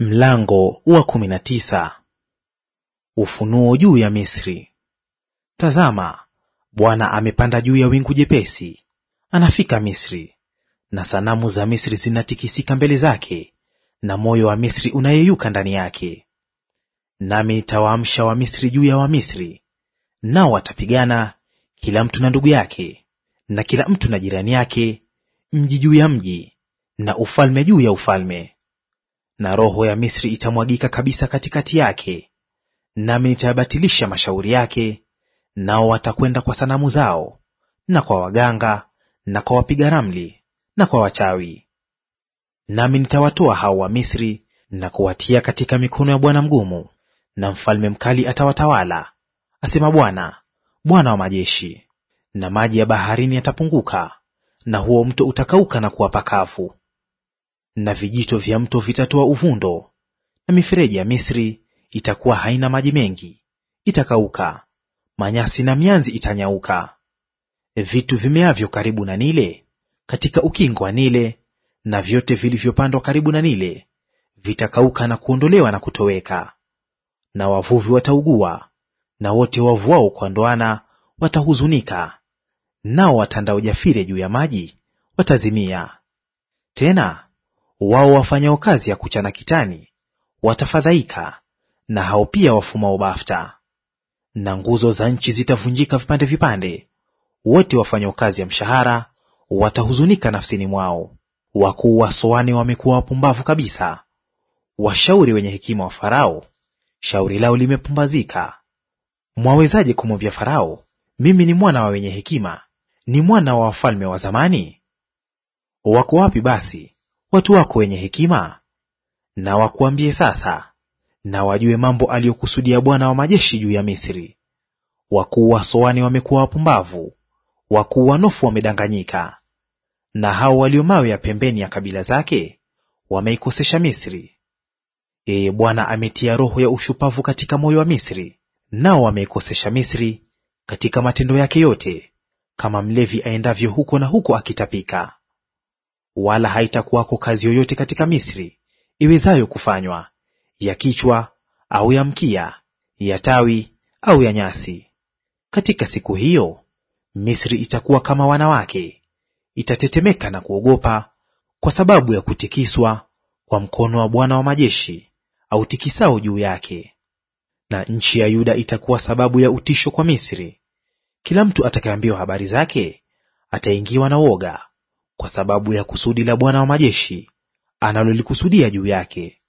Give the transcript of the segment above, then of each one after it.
Mlango wa kumi na tisa. Ufunuo juu ya Misri. Tazama, Bwana amepanda juu ya wingu jepesi, anafika Misri, na sanamu za Misri zinatikisika mbele zake, na moyo wa Misri unayeyuka ndani yake. Nami nitawaamsha wa Misri juu ya wa Misri, nao watapigana, kila mtu na ndugu yake, na kila mtu na jirani yake, mji juu ya mji, na ufalme juu ya ufalme na roho ya Misri itamwagika kabisa katikati yake, nami nitayabatilisha mashauri yake, nao watakwenda kwa sanamu zao na kwa waganga na kwa wapiga ramli na kwa wachawi. Nami nitawatoa hao wa Misri na kuwatia katika mikono ya bwana mgumu, na mfalme mkali atawatawala, asema Bwana, Bwana wa majeshi. Na maji ya baharini yatapunguka, na huo mto utakauka na kuwa pakavu na vijito vya mto vitatoa uvundo, na mifereji ya Misri itakuwa haina maji mengi, itakauka; manyasi na mianzi itanyauka. Vitu vimeavyo karibu na Nile, katika ukingo wa Nile, na vyote vilivyopandwa karibu na Nile vitakauka na kuondolewa na kutoweka. Na wavuvi wataugua, na wote wavuao kwa ndoana watahuzunika, nao watandao jafire juu ya maji watazimia. Tena wao wafanyao kazi ya kuchana kitani watafadhaika, na hao pia wafumao bafta. Na nguzo za nchi zitavunjika vipande vipande, wote wafanyao kazi ya mshahara watahuzunika nafsini mwao. Wakuu wa Soani wamekuwa wapumbavu kabisa, washauri wenye hekima wa Farao shauri lao limepumbazika. Mwawezaje kumwambia Farao, mimi ni mwana wa wenye hekima, ni mwana wa wafalme wa zamani? Wako wapi basi watu wako wenye hekima na wakuambie sasa, na wajue mambo aliyokusudia Bwana wa majeshi juu ya Misri. Wakuu wa Soani wamekuwa wapumbavu, wakuu wa Nofu wamedanganyika, na hao walio mawe ya pembeni ya kabila zake wameikosesha Misri. Yeye Bwana ametia roho ya ushupavu katika moyo wa Misri, nao wameikosesha Misri katika matendo yake yote, kama mlevi aendavyo huko na huko akitapika wala haitakuwako kazi yoyote katika Misri iwezayo kufanywa, ya kichwa au ya mkia, ya tawi au ya nyasi. Katika siku hiyo Misri itakuwa kama wanawake, itatetemeka na kuogopa kwa sababu ya kutikiswa kwa mkono wa Bwana wa majeshi au tikisao juu yake. Na nchi ya Yuda itakuwa sababu ya utisho kwa Misri; kila mtu atakayeambiwa habari zake ataingiwa na woga, kwa sababu ya kusudi la Bwana wa majeshi analolikusudia juu yake.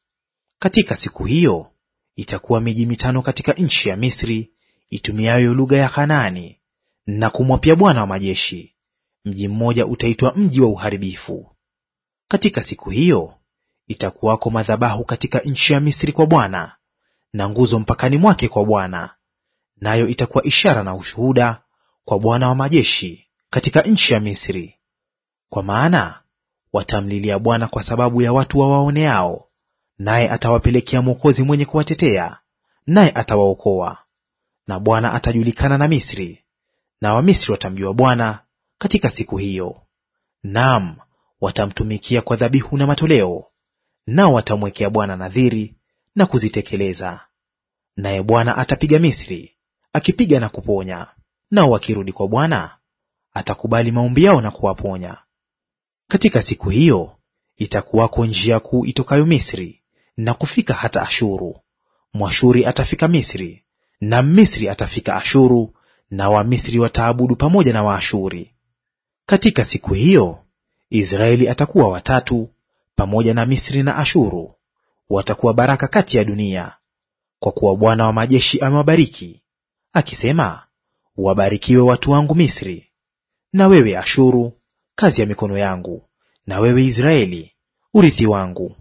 Katika siku hiyo itakuwa miji mitano katika nchi ya Misri itumiayo lugha ya Kanaani na kumwapia Bwana wa majeshi; mji mmoja utaitwa mji wa uharibifu. Katika siku hiyo itakuwako madhabahu katika nchi ya Misri kwa Bwana na nguzo mpakani mwake kwa Bwana, nayo itakuwa ishara na ushuhuda kwa Bwana wa majeshi katika nchi ya Misri. Kwa maana watamlilia Bwana kwa sababu ya watu wawaoneao, naye atawapelekea mwokozi mwenye kuwatetea, naye atawaokoa. Na Bwana atajulikana na Misri, na Wamisri watamjua Bwana katika siku hiyo. Naam, watamtumikia kwa dhabihu na matoleo, nao watamwekea Bwana nadhiri na kuzitekeleza. Naye Bwana atapiga Misri, akipiga na kuponya, nao wakirudi kwa Bwana atakubali maombi yao na kuwaponya. Katika siku hiyo itakuwako njia kuu itokayo Misri na kufika hata Ashuru. Mwashuri atafika Misri na Misri atafika Ashuru, na Wamisri wataabudu pamoja na Waashuri. Katika siku hiyo Israeli atakuwa watatu pamoja na Misri na Ashuru, watakuwa baraka kati ya dunia, kwa kuwa Bwana wa majeshi amewabariki akisema, wabarikiwe watu wangu Misri. Na wewe Ashuru kazi ya mikono yangu, na wewe Israeli, urithi wangu.